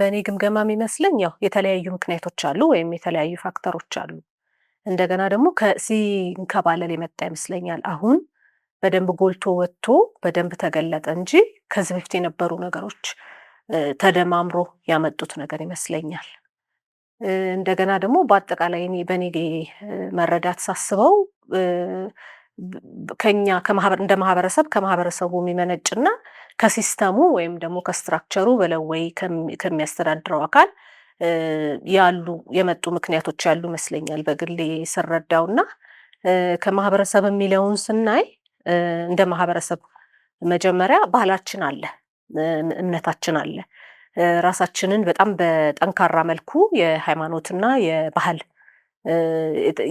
በእኔ ግምገማ የሚመስለኝ ያው የተለያዩ ምክንያቶች አሉ ወይም የተለያዩ ፋክተሮች አሉ። እንደገና ደግሞ ከሲንከባለል የመጣ ይመስለኛል። አሁን በደንብ ጎልቶ ወጥቶ በደንብ ተገለጠ እንጂ ከዚህ በፊት የነበሩ ነገሮች ተደማምሮ ያመጡት ነገር ይመስለኛል። እንደገና ደግሞ በአጠቃላይ በእኔ መረዳት ሳስበው ከኛ እንደ ማህበረሰብ ከማህበረሰቡ የሚመነጭና ከሲስተሙ ወይም ደግሞ ከስትራክቸሩ በለወይ ከሚያስተዳድረው አካል ያሉ የመጡ ምክንያቶች ያሉ ይመስለኛል። በግሌ ስረዳው እና ከማህበረሰብ የሚለውን ስናይ እንደ ማህበረሰብ መጀመሪያ ባህላችን አለ፣ እምነታችን አለ። ራሳችንን በጣም በጠንካራ መልኩ የሃይማኖትና የባህል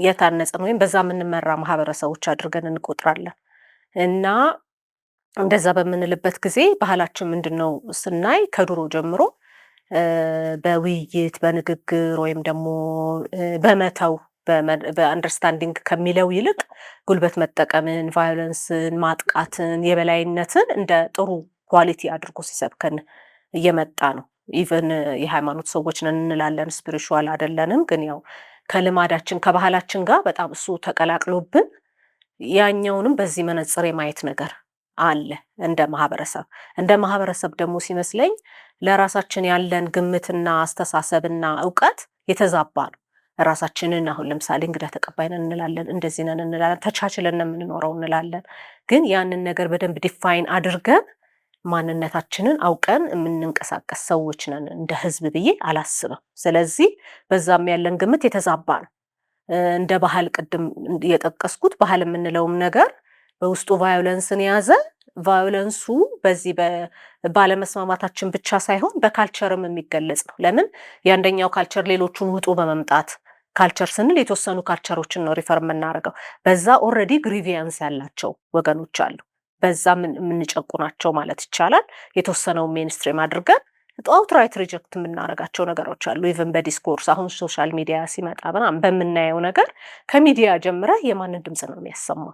የታነጸን ወይም በዛ የምንመራ ማህበረሰቦች አድርገን እንቆጥራለን እና እንደዛ በምንልበት ጊዜ ባህላችን ምንድን ነው ስናይ ከድሮ ጀምሮ በውይይት በንግግር ወይም ደግሞ በመተው በአንደርስታንዲንግ ከሚለው ይልቅ ጉልበት መጠቀምን፣ ቫዮለንስን፣ ማጥቃትን፣ የበላይነትን እንደ ጥሩ ኳሊቲ አድርጎ ሲሰብከን እየመጣ ነው። ኢቨን የሃይማኖት ሰዎች ነን እንላለን፣ ስፒሪቹዋል አይደለንም ግን ያው ከልማዳችን ከባህላችን ጋር በጣም እሱ ተቀላቅሎብን ያኛውንም በዚህ መነጽር የማየት ነገር አለ እንደ ማህበረሰብ። እንደ ማህበረሰብ ደግሞ ሲመስለኝ ለራሳችን ያለን ግምትና አስተሳሰብና እውቀት የተዛባ ነው። ራሳችንን አሁን ለምሳሌ እንግዳ ተቀባይነን እንላለን፣ እንደዚህ ነን እንላለን፣ ተቻችለን የምንኖረው እንላለን። ግን ያንን ነገር በደንብ ዲፋይን አድርገን ማንነታችንን አውቀን የምንንቀሳቀስ ሰዎች ነን እንደ ህዝብ ብዬ አላስብም። ስለዚህ በዛም ያለን ግምት የተዛባ ነው። እንደ ባህል ቅድም የጠቀስኩት ባህል የምንለውም ነገር በውስጡ ቫዮለንስን የያዘ ቫዮለንሱ በዚህ ባለመስማማታችን ብቻ ሳይሆን በካልቸርም የሚገለጽ ነው። ለምን የአንደኛው ካልቸር ሌሎቹን ውጡ በመምጣት ካልቸር ስንል የተወሰኑ ካልቸሮችን ነው ሪፈር የምናደርገው። በዛ ኦልሬዲ ግሪቪያንስ ያላቸው ወገኖች አሉ። በዛ የምንጨቁናቸው ማለት ይቻላል። የተወሰነው ሜንስትሪም አድርገን አውትራይት ሪጀክት የምናደርጋቸው ነገሮች አሉ። ኢቨን በዲስኮርስ አሁን ሶሻል ሚዲያ ሲመጣ ምናምን በምናየው ነገር ከሚዲያ ጀምረ የማንን ድምፅ ነው የሚያሰማው?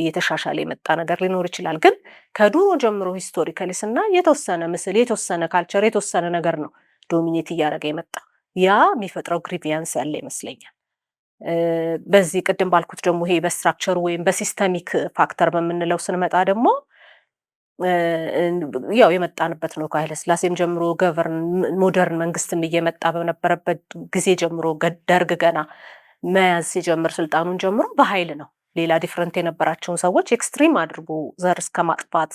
እየተሻሻለ የመጣ ነገር ሊኖር ይችላል። ግን ከዱሮ ጀምሮ ሂስቶሪካሊ ስና የተወሰነ ምስል፣ የተወሰነ ካልቸር፣ የተወሰነ ነገር ነው ዶሚኔት እያደረገ የመጣ ያ የሚፈጥረው ግሪቪያንስ ያለ ይመስለኛል። በዚህ ቅድም ባልኩት ደግሞ ይሄ በስትራክቸሩ ወይም በሲስተሚክ ፋክተር በምንለው ስንመጣ ደግሞ ያው የመጣንበት ነው። ከኃይለ ሥላሴም ጀምሮ ገቨርን ሞደርን መንግስትም እየመጣ በነበረበት ጊዜ ጀምሮ ደርግ ገና መያዝ ሲጀምር ስልጣኑን ጀምሮ በኃይል ነው። ሌላ ዲፍረንት የነበራቸውን ሰዎች ኤክስትሪም አድርጎ ዘር እስከ ማጥፋት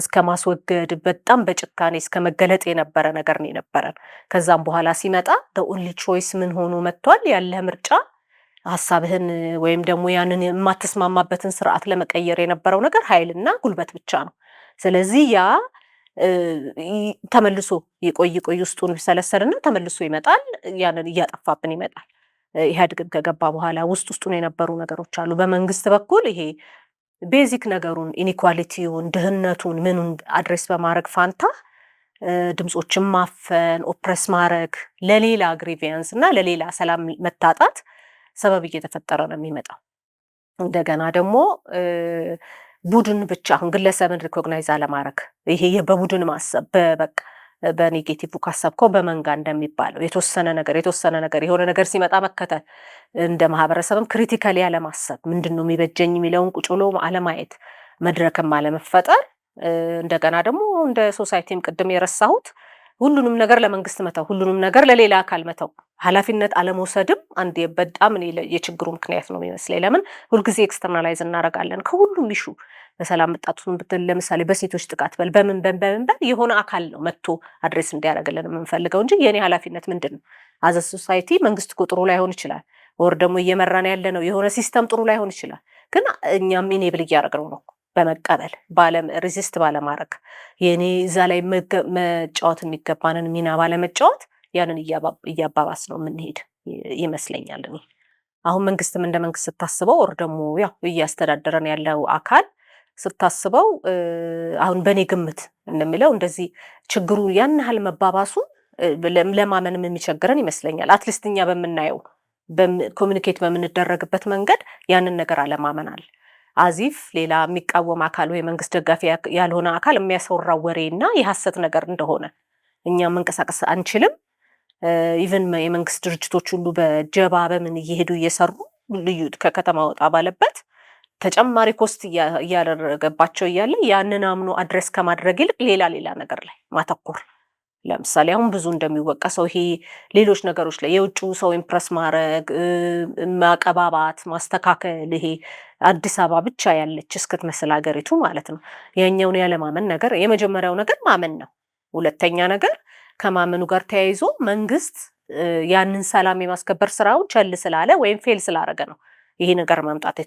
እስከ ማስወገድ በጣም በጭካኔ እስከ መገለጥ የነበረ ነገር ነው የነበረን። ከዛም በኋላ ሲመጣ ኦንሊ ቾይስ ምን ሆኖ መጥቷል? ያለ ምርጫ ሀሳብህን ወይም ደግሞ ያንን የማትስማማበትን ስርዓት ለመቀየር የነበረው ነገር ኃይልና ጉልበት ብቻ ነው። ስለዚህ ያ ተመልሶ የቆይ ቆይ ውስጡን ይሰለሰልና ተመልሶ ይመጣል። ያንን እያጠፋብን ይመጣል። ኢህአዴግም ከገባ በኋላ ውስጥ ውስጡን የነበሩ ነገሮች አሉ። በመንግስት በኩል ይሄ ቤዚክ ነገሩን ኢኒኳሊቲውን፣ ድህነቱን፣ ምኑን አድሬስ በማድረግ ፋንታ ድምፆችን ማፈን፣ ኦፕረስ ማድረግ ለሌላ ግሪቪያንስ እና ለሌላ ሰላም መታጣት ሰበብ እየተፈጠረ ነው የሚመጣው። እንደገና ደግሞ ቡድን ብቻ አሁን ግለሰብን ሪኮግናይዝ አለማድረግ ይሄ በቡድን ማሰብ በበቃ በኔጌቲቭ ካሰብከው በመንጋ እንደሚባለው የተወሰነ ነገር የተወሰነ ነገር የሆነ ነገር ሲመጣ መከተል እንደ ማህበረሰብም ክሪቲካሊ አለማሰብ ምንድን ነው የሚበጀኝ የሚለውን ቁጭ ብሎ አለማየት መድረክም አለመፈጠር እንደገና ደግሞ እንደ ሶሳይቲም ቅድም የረሳሁት ሁሉንም ነገር ለመንግስት መተው፣ ሁሉንም ነገር ለሌላ አካል መተው ኃላፊነት አለመውሰድም አንድ በጣም የችግሩ ምክንያት ነው የሚመስለኝ። ለምን ሁልጊዜ ኤክስተርናላይዝ እናደርጋለን ከሁሉም ይሹ በሰላም መጣቱን ብትል ለምሳሌ በሴቶች ጥቃት በል በምን በምን በል የሆነ አካል ነው መጥቶ አድሬስ እንዲያደርግልን የምንፈልገው እንጂ የእኔ ኃላፊነት ምንድን ነው? አዘ ሶሳይቲ መንግስት እኮ ጥሩ ላይሆን ይችላል፣ ወር ደግሞ እየመራን ያለ ነው የሆነ ሲስተም ጥሩ ላይሆን ይችላል። ግን እኛም ኢኔብል እያደረግነው ነው በመቀበል ሪዚስት ባለማድረግ የእኔ እዛ ላይ መጫወት የሚገባንን ሚና ባለመጫወት ያንን እያባባስ ነው የምንሄድ ይመስለኛል። እኔ አሁን መንግስትም እንደ መንግስት ስታስበው ወር ደግሞ ያው እያስተዳደረን ያለው አካል ስታስበው አሁን በእኔ ግምት እንደሚለው እንደዚህ ችግሩ ያን ያህል መባባሱ ለማመንም የሚቸግረን ይመስለኛል። አትሊስት እኛ በምናየው ኮሚኒኬት በምንደረግበት መንገድ ያንን ነገር አለማመናል። አዚፍ ሌላ የሚቃወም አካል ወይ መንግስት ደጋፊ ያልሆነ አካል የሚያሰራው ወሬ እና የሀሰት ነገር እንደሆነ እኛ መንቀሳቀስ አንችልም ኢቨን የመንግስት ድርጅቶች ሁሉ በጀባ በምን እየሄዱ እየሰሩ ልዩ ከከተማ ወጣ ባለበት ተጨማሪ ኮስት እያደረገባቸው እያለ ያንን አምኖ አድረስ ከማድረግ ይልቅ ሌላ ሌላ ነገር ላይ ማተኮር ለምሳሌ አሁን ብዙ እንደሚወቀሰው ይሄ ሌሎች ነገሮች ላይ የውጭ ሰው ኢምፕረስ ማድረግ፣ ማቀባባት፣ ማስተካከል ይሄ አዲስ አበባ ብቻ ያለች እስክትመስል ሀገሪቱ ማለት ነው። ያኛውን ያለማመን ነገር የመጀመሪያው ነገር ማመን ነው። ሁለተኛ ነገር ከማመኑ ጋር ተያይዞ መንግስት ያንን ሰላም የማስከበር ስራውን ቸል ስላለ ወይም ፌል ስላደረገ ነው ይሄ ነገር መምጣት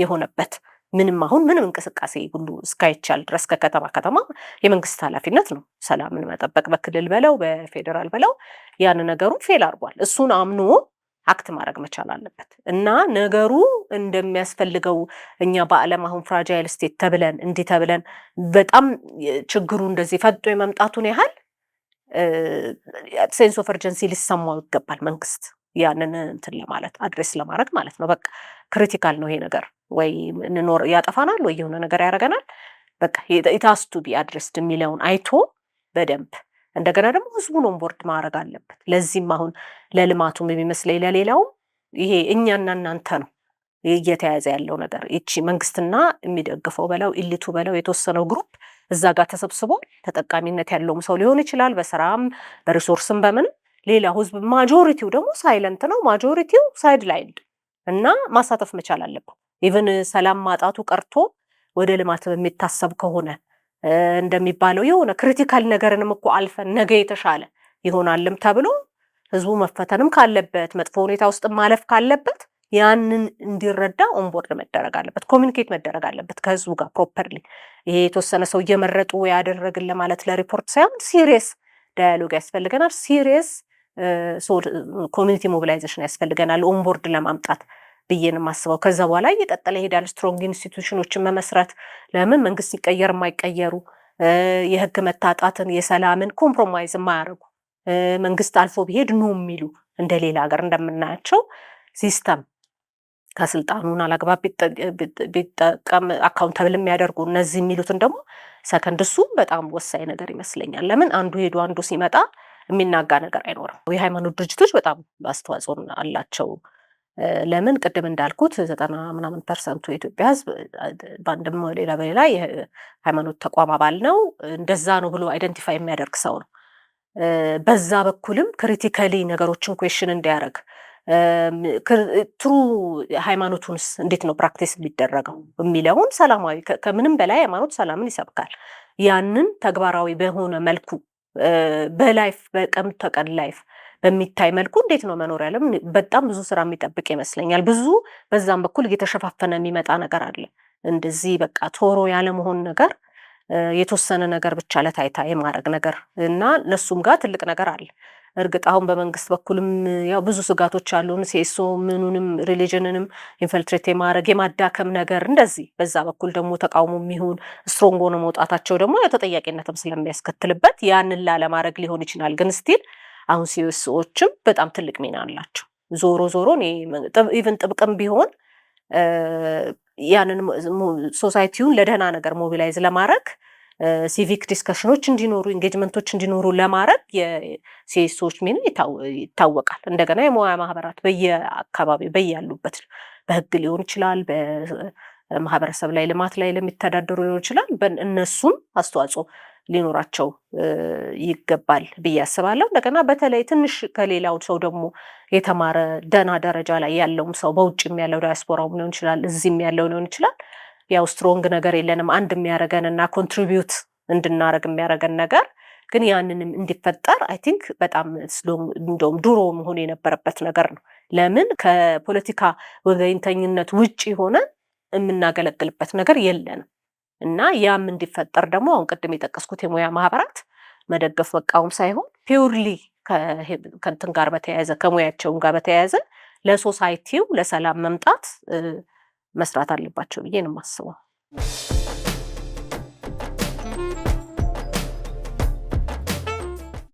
የሆነበት። ምንም አሁን ምንም እንቅስቃሴ ሁሉ እስካይቻል ድረስ ከከተማ ከተማ የመንግስት ኃላፊነት ነው ሰላምን መጠበቅ፣ በክልል በለው በፌዴራል በለው ያን ነገሩ ፌል አድርጓል። እሱን አምኖ አክት ማድረግ መቻል አለበት እና ነገሩ እንደሚያስፈልገው እኛ በዓለም አሁን ፍራጃይል ስቴት ተብለን እንዲህ ተብለን በጣም ችግሩ እንደዚህ ፈጦ የመምጣቱን ያህል ሴንስ ኦፍ እርጀንሲ ሊሰማው ይገባል መንግስት ያንን እንትን ለማለት አድሬስ ለማድረግ ማለት ነው። በቃ ክሪቲካል ነው ይሄ ነገር ወይ እንኖር ያጠፋናል ወይ የሆነ ነገር ያደርገናል፣ በቃ ኢታስቱ ቢ አድሬስድ የሚለውን አይቶ በደንብ እንደገና ደግሞ ህዝቡን ኦንቦርድ ማድረግ አለበት። ለዚህም አሁን ለልማቱም የሚመስለኝ ለሌላውም ይሄ እኛና እናንተ ነው እየተያዘ ያለው ነገር ይቺ መንግስትና የሚደግፈው በለው ኢሊቱ በለው የተወሰነው ግሩፕ እዛ ጋር ተሰብስቦ ተጠቃሚነት ያለውም ሰው ሊሆን ይችላል። በስራም በሪሶርስም በምንም ሌላ ህዝብ ማጆሪቲው ደግሞ ሳይለንት ነው። ማጆሪቲው ሳይድ ላይንድ እና ማሳተፍ መቻል አለብን። ኢቨን ሰላም ማጣቱ ቀርቶ ወደ ልማት የሚታሰብ ከሆነ እንደሚባለው የሆነ ክሪቲካል ነገርንም እኮ አልፈን ነገ የተሻለ ይሆናልም ተብሎ ህዝቡ መፈተንም ካለበት መጥፎ ሁኔታ ውስጥ ማለፍ ካለበት ያንን እንዲረዳ ኦንቦርድ መደረግ አለበት፣ ኮሚኒኬት መደረግ አለበት ከህዝቡ ጋር ፕሮፐርሊ። ይሄ የተወሰነ ሰው እየመረጡ ያደረግን ለማለት ለሪፖርት ሳይሆን ሲሪየስ ዳያሎግ ያስፈልገናል። ሲሪየስ ኮሚኒቲ ሞቢላይዜሽን ያስፈልገናል ኦንቦርድ ለማምጣት ብዬን ማስበው ከዛ በኋላ እየቀጠለ ይሄዳል። ስትሮንግ ኢንስቲቱሽኖችን መመስረት ለምን መንግስት ሲቀየር የማይቀየሩ የህግ መታጣትን የሰላምን ኮምፕሮማይዝ የማያደርጉ መንግስት አልፎ ቢሄድ ኖ የሚሉ እንደሌላ ሀገር እንደምናያቸው ሲስተም ከስልጣኑን አላግባብ ቢጠቀም አካውንታብል የሚያደርጉ እነዚህ የሚሉትን ደግሞ ሰከንድ እሱ በጣም ወሳኝ ነገር ይመስለኛል። ለምን አንዱ ሄዶ አንዱ ሲመጣ የሚናጋ ነገር አይኖርም። የሃይማኖት ድርጅቶች በጣም አስተዋጽኦ አላቸው። ለምን ቅድም እንዳልኩት ዘጠና ምናምን ፐርሰንቱ የኢትዮጵያ ሕዝብ በአንድም ሌላ በሌላ የሃይማኖት ተቋም አባል ነው። እንደዛ ነው ብሎ አይደንቲፋይ የሚያደርግ ሰው ነው። በዛ በኩልም ክሪቲካሊ ነገሮችን ኩዌሽን እንዲያደርግ ትሩ ሃይማኖቱንስ እንዴት ነው ፕራክቲስ የሚደረገው የሚለውን ሰላማዊ ከምንም በላይ ሃይማኖት ሰላምን ይሰብካል። ያንን ተግባራዊ በሆነ መልኩ በላይፍ በቀን ተቀን ላይፍ በሚታይ መልኩ እንዴት ነው መኖር ያለም በጣም ብዙ ስራ የሚጠብቅ ይመስለኛል። ብዙ በዛም በኩል እየተሸፋፈነ የሚመጣ ነገር አለ። እንደዚህ በቃ ቶሮ ያለመሆን ነገር የተወሰነ ነገር ብቻ ለታይታ የማድረግ ነገር እና እነሱም ጋር ትልቅ ነገር አለ። እርግጥ አሁን በመንግስት በኩልም ያው ብዙ ስጋቶች አሉን። ሴሶ ምኑንም ሪሊጅንንም ኢንፈልትሬት የማድረግ የማዳከም ነገር እንደዚህ፣ በዛ በኩል ደግሞ ተቃውሞ የሚሆን ስትሮንግ ሆነ መውጣታቸው ደግሞ ተጠያቂነትም ስለሚያስከትልበት ያንን ላለማድረግ ሊሆን ይችላል። ግን ስቲል አሁን ሴሶዎችም በጣም ትልቅ ሚና አላቸው። ዞሮ ዞሮ ኢቨን ጥብቅም ቢሆን ያንን ሶሳይቲውን ለደህና ነገር ሞቢላይዝ ለማድረግ ሲቪክ ዲስከሽኖች እንዲኖሩ ኢንጌጅመንቶች እንዲኖሩ ለማድረግ የሴሶች ሚና ይታወቃል። እንደገና የሙያ ማህበራት በየአካባቢ በያሉበት በህግ ሊሆን ይችላል፣ በማህበረሰብ ላይ ልማት ላይ ለሚተዳደሩ ሊሆን ይችላል። እነሱም አስተዋጽኦ ሊኖራቸው ይገባል ብዬ አስባለሁ። እንደገና በተለይ ትንሽ ከሌላው ሰው ደግሞ የተማረ ደህና ደረጃ ላይ ያለውም ሰው በውጭም ያለው ዲያስፖራውም ሊሆን ይችላል፣ እዚህም ያለው ሊሆን ይችላል ያው ስትሮንግ ነገር የለንም አንድ የሚያደርገን እና ኮንትሪቢዩት እንድናረግ የሚያደርገን ነገር ግን ያንንም እንዲፈጠር አይ ቲንክ በጣም እንደውም ድሮ መሆን የነበረበት ነገር ነው። ለምን ከፖለቲካ ወገኝተኝነት ውጭ ሆነ የምናገለግልበት ነገር የለንም እና ያም እንዲፈጠር ደግሞ አሁን ቅድም የጠቀስኩት የሙያ ማህበራት መደገፍ መቃወም ሳይሆን ፒውርሊ ከእንትን ጋር በተያያዘ ከሙያቸውን ጋር በተያያዘ ለሶሳይቲው ለሰላም መምጣት መስራት አለባቸው ብዬ ነው የማስበው።